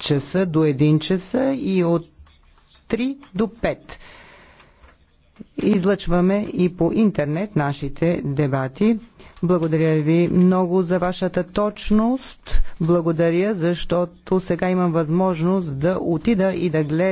часа до 1 часа и от 3 до 5. Излъчваме и по интернет нашите дебати. Благодаря ви много за вашата точност. Благодаря, защото сега имам възможност да отида и да гледам